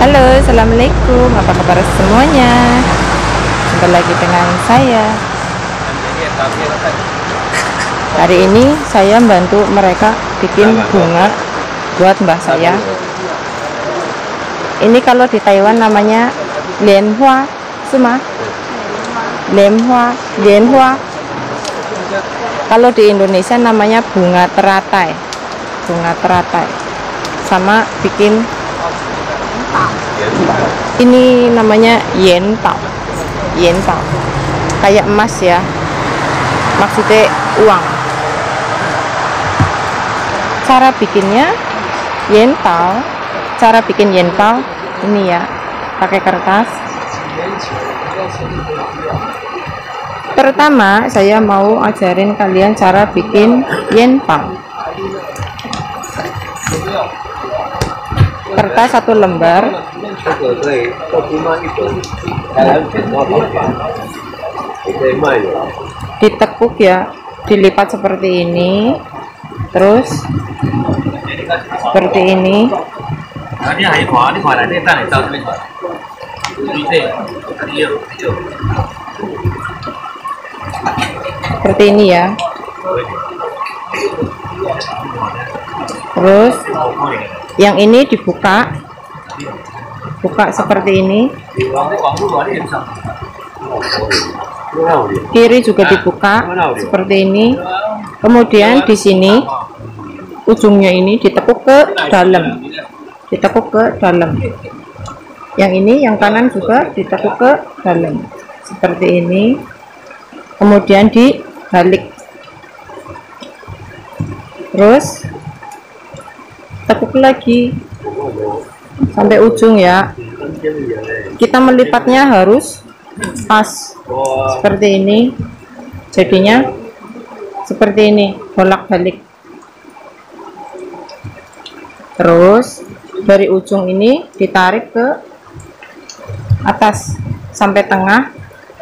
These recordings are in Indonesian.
Halo, assalamualaikum. Apa kabar semuanya? Jumpa lagi dengan saya. Hari ini saya membantu mereka bikin bunga buat mbah saya. Ini kalau di Taiwan namanya lianhua, semua. Lianhua, lianhua kalau di Indonesia namanya bunga teratai bunga teratai sama bikin ini namanya yentau yentau kayak emas ya maksudnya uang cara bikinnya yentau cara bikin yentau ini ya pakai kertas Pertama, saya mau ajarin kalian cara bikin yenpang. Kertas satu lembar. Ditekuk ya, dilipat seperti ini. Terus seperti ini. Ini seperti ini ya terus yang ini dibuka buka seperti ini kiri juga dibuka seperti ini kemudian di sini ujungnya ini ditekuk ke dalam ditekuk ke dalam yang ini yang kanan juga ditekuk ke dalam seperti ini kemudian dibalik terus tekuk lagi sampai ujung ya kita melipatnya harus pas seperti ini jadinya seperti ini bolak-balik terus dari ujung ini ditarik ke atas sampai tengah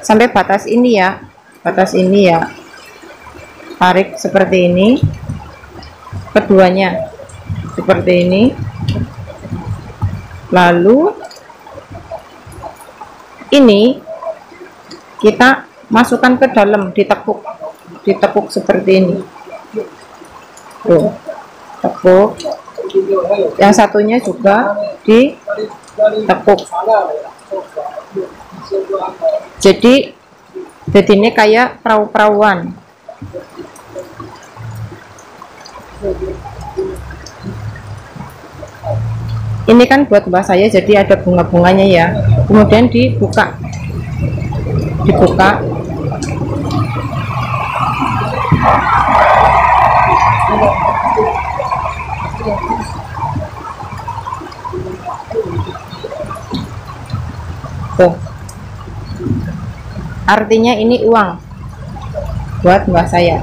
sampai batas ini ya batas ini ya tarik seperti ini keduanya seperti ini lalu ini kita masukkan ke dalam ditekuk ditekuk seperti ini tuh tekuk yang satunya juga ditekuk jadi jadi ini kayak perahu-perahuan ini kan buat mbak saya jadi ada bunga-bunganya ya kemudian dibuka dibuka tuh artinya ini uang buat mbah saya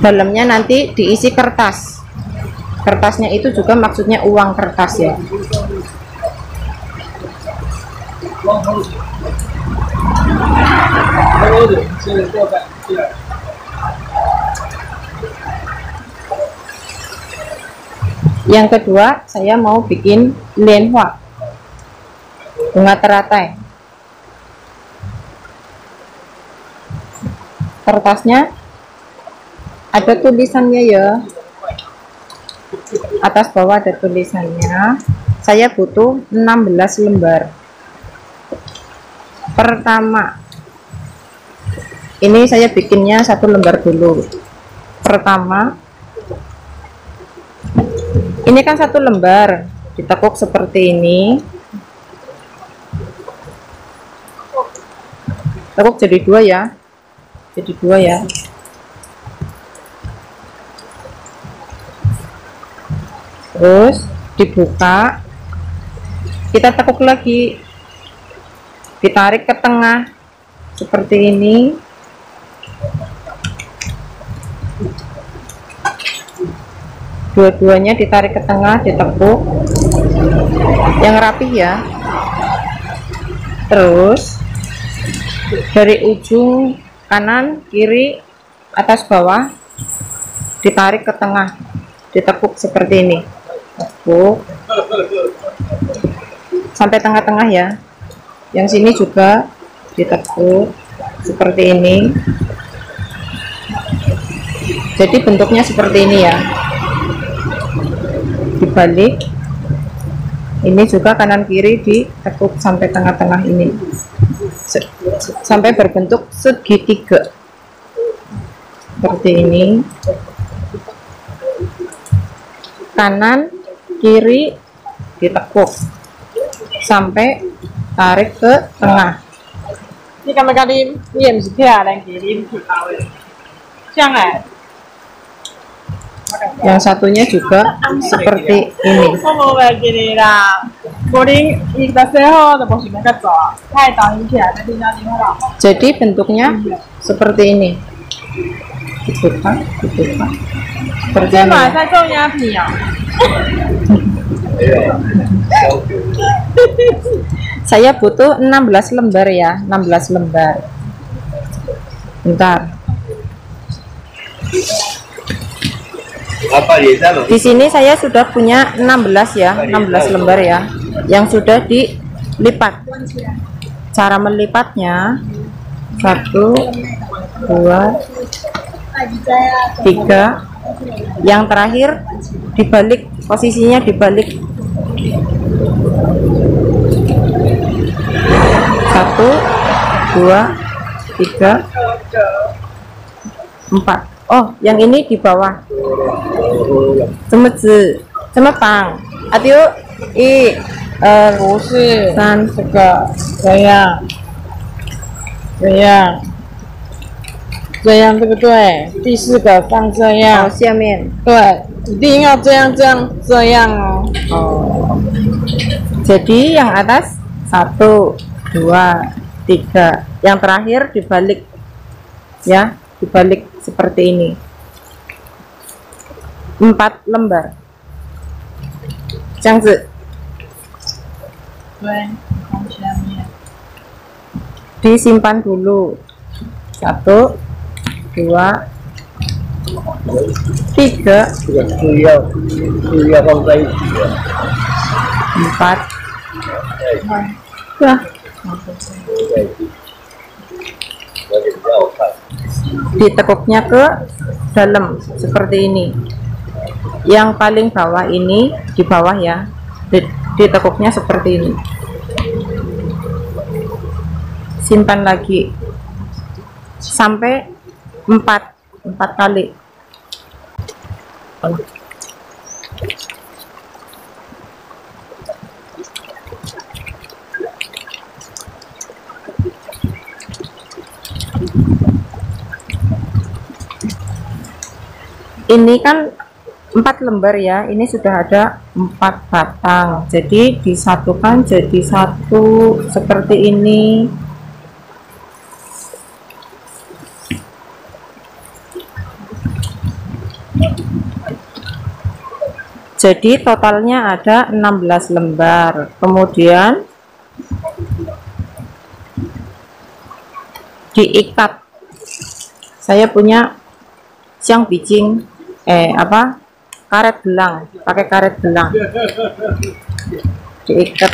dalamnya nanti diisi kertas kertasnya itu juga maksudnya uang kertas ya yang kedua saya mau bikin lenhua bunga teratai kertasnya ada tulisannya ya atas bawah ada tulisannya saya butuh 16 lembar pertama ini saya bikinnya satu lembar dulu pertama ini kan satu lembar ditekuk seperti ini tekuk jadi dua ya jadi dua ya terus dibuka kita tekuk lagi ditarik ke tengah seperti ini dua-duanya ditarik ke tengah ditekuk yang rapi ya terus dari ujung kanan kiri atas bawah ditarik ke tengah ditekuk seperti ini tekuk sampai tengah-tengah ya yang sini juga ditekuk seperti ini jadi bentuknya seperti ini ya dibalik ini juga kanan kiri ditekuk sampai tengah-tengah ini sampai berbentuk segitiga seperti ini kanan kiri ditekuk sampai tarik ke tengah ini kami kali ini yang eh? yang satunya juga seperti ini Boarding is the Jadi bentuknya iya. seperti ini. Gitu kan? Seperti ini. Ya. Saya butuh 16 lembar ya, 16 lembar. Bentar. Ya, Di sini saya sudah punya 16 ya, 16 lembar ya yang sudah dilipat cara melipatnya satu dua tiga yang terakhir dibalik posisinya dibalik satu dua tiga empat oh yang ini di bawah cemet cemetang atiu i 呃，不是三十个，这样，这样，这样对不对？第四个放这样，好，下面，对，一定要这样，这样，这样哦。哦。Jadi eh, oh, oh. yang atas satu, dua, tiga. Yang terakhir dibalik, ya, dibalik seperti ini. Empat lembar. 这样子。disimpan dulu satu dua tiga empat ya ditekuknya ke dalam seperti ini yang paling bawah ini di bawah ya ditekuknya seperti ini simpan lagi sampai 4 4 kali ini kan empat lembar ya ini sudah ada empat batang jadi disatukan jadi satu seperti ini jadi totalnya ada 16 lembar kemudian diikat saya punya siang bijing eh apa karet belang pakai karet belang diikat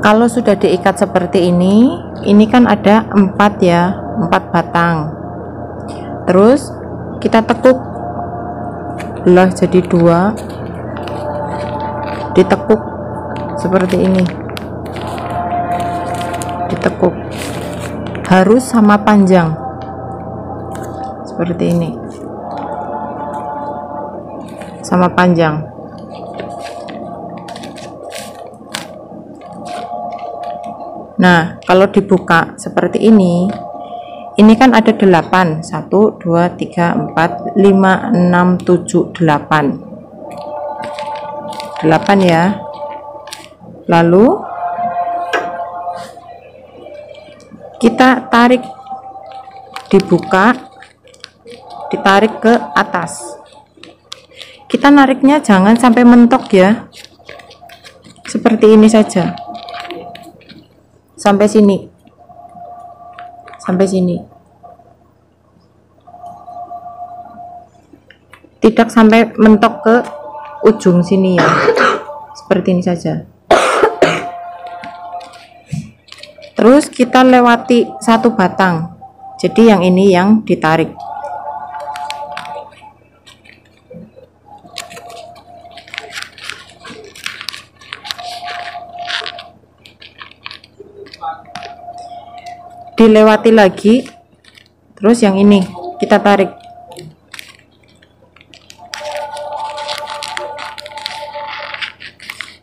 kalau sudah diikat seperti ini ini kan ada empat ya empat batang terus kita tekuk belah jadi dua ditekuk seperti ini ditekuk harus sama panjang seperti ini sama panjang nah kalau dibuka seperti ini ini kan ada 8 1 2 3 4 5 6 7 8 8 ya lalu kita tarik dibuka ditarik ke atas kita nariknya jangan sampai mentok ya seperti ini saja sampai sini sampai sini tidak sampai mentok ke ujung sini ya seperti ini saja terus kita lewati satu batang jadi yang ini yang ditarik dilewati lagi terus yang ini kita tarik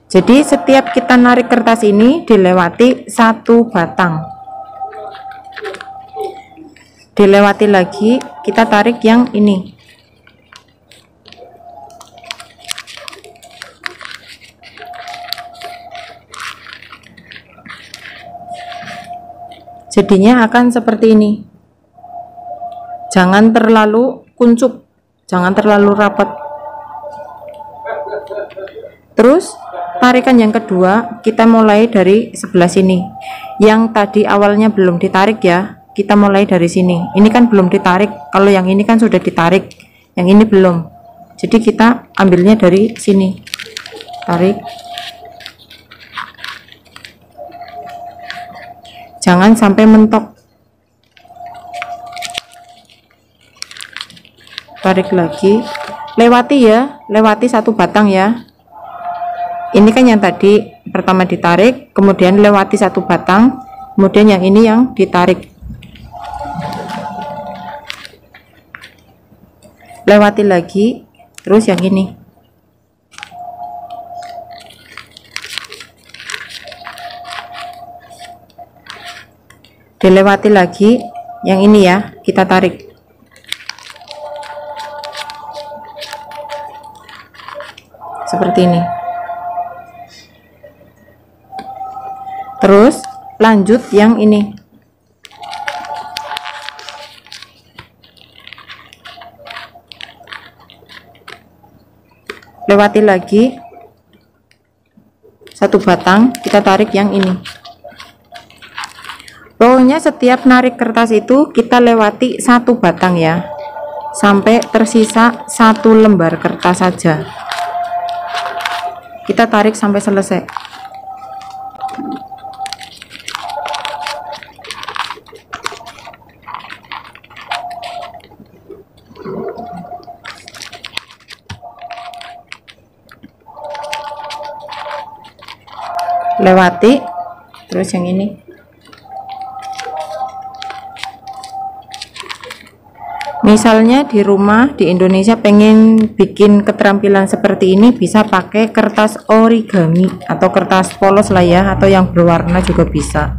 Jadi setiap kita narik kertas ini dilewati satu batang. Dilewati lagi, kita tarik yang ini. Jadinya akan seperti ini. Jangan terlalu kuncup, jangan terlalu rapat. Terus tarikan yang kedua kita mulai dari sebelah sini yang tadi awalnya belum ditarik ya kita mulai dari sini ini kan belum ditarik kalau yang ini kan sudah ditarik yang ini belum jadi kita ambilnya dari sini tarik jangan sampai mentok tarik lagi lewati ya lewati satu batang ya ini kan yang tadi pertama ditarik kemudian lewati satu batang kemudian yang ini yang ditarik lewati lagi terus yang ini dilewati lagi yang ini ya kita tarik seperti ini terus lanjut yang ini lewati lagi satu batang kita tarik yang ini pokoknya setiap narik kertas itu kita lewati satu batang ya sampai tersisa satu lembar kertas saja kita tarik sampai selesai lewati terus yang ini misalnya di rumah di Indonesia pengen bikin keterampilan seperti ini bisa pakai kertas origami atau kertas polos lah ya atau yang berwarna juga bisa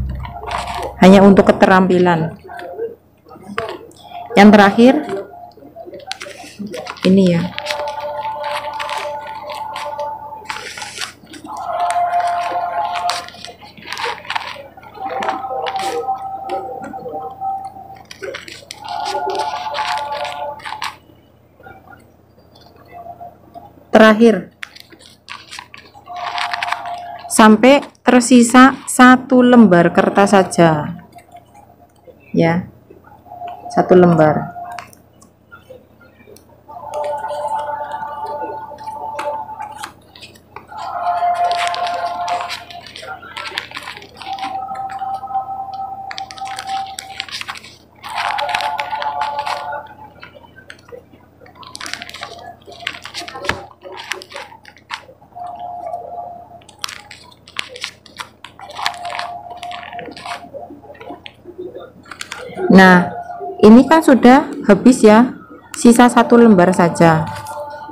hanya untuk keterampilan yang terakhir ini ya terakhir sampai tersisa satu lembar kertas saja ya satu lembar ini kan sudah habis ya sisa satu lembar saja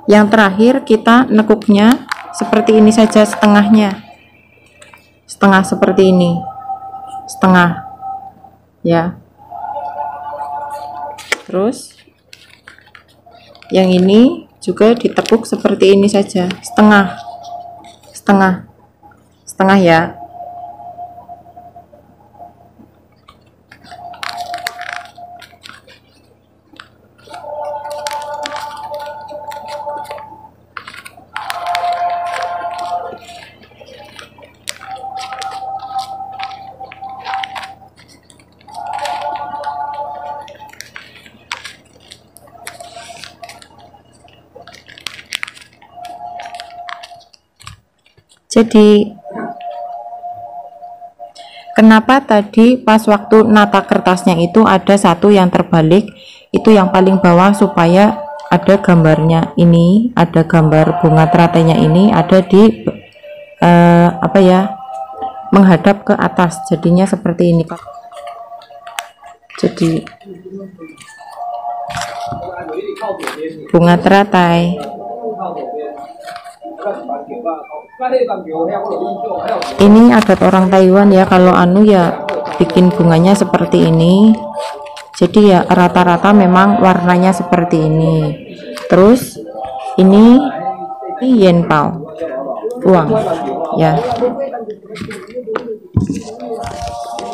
yang terakhir kita nekuknya seperti ini saja setengahnya setengah seperti ini setengah ya terus yang ini juga ditepuk seperti ini saja setengah setengah setengah ya jadi kenapa tadi pas waktu nata kertasnya itu ada satu yang terbalik itu yang paling bawah supaya ada gambarnya ini ada gambar bunga teratainya ini ada di eh, apa ya menghadap ke atas jadinya seperti ini Pak jadi bunga teratai ini adat orang Taiwan ya kalau anu ya bikin bunganya seperti ini. Jadi ya rata-rata memang warnanya seperti ini. Terus ini yen pao uang ya.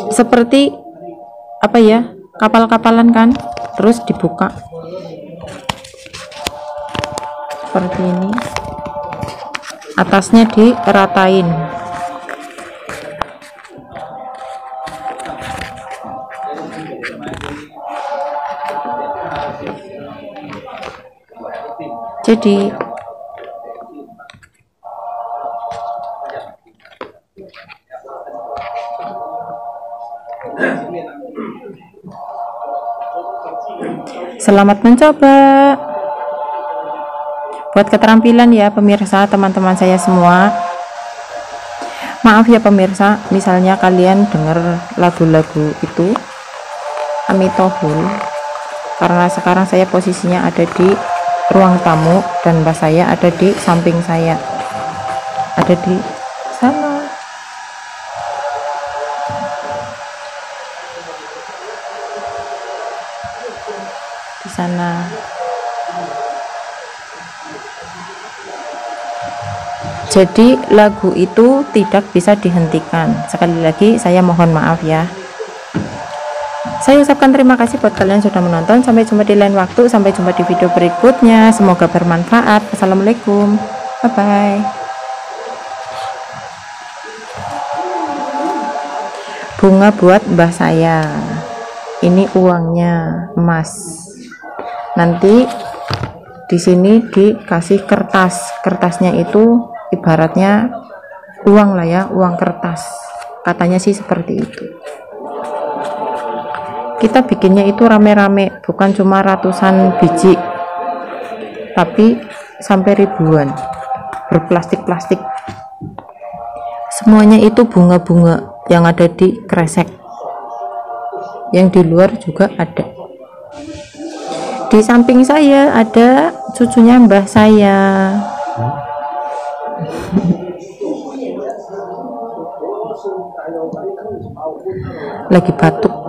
Seperti apa ya? Kapal-kapalan kan? Terus dibuka seperti ini atasnya diratain jadi Selamat mencoba buat keterampilan ya pemirsa teman-teman saya semua maaf ya pemirsa misalnya kalian dengar lagu-lagu itu amitohul karena sekarang saya posisinya ada di ruang tamu dan mbak saya ada di samping saya ada di jadi lagu itu tidak bisa dihentikan sekali lagi saya mohon maaf ya saya ucapkan terima kasih buat kalian sudah menonton sampai jumpa di lain waktu sampai jumpa di video berikutnya semoga bermanfaat assalamualaikum bye bye bunga buat mbah saya ini uangnya emas nanti di sini dikasih kertas kertasnya itu ibaratnya uang lah ya uang kertas katanya sih seperti itu kita bikinnya itu rame-rame bukan cuma ratusan biji tapi sampai ribuan berplastik-plastik semuanya itu bunga-bunga yang ada di kresek yang di luar juga ada di samping saya ada cucunya mbah saya lagi batuk